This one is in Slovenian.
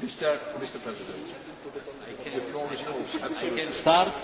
Mr. Mr. President, I can, can start.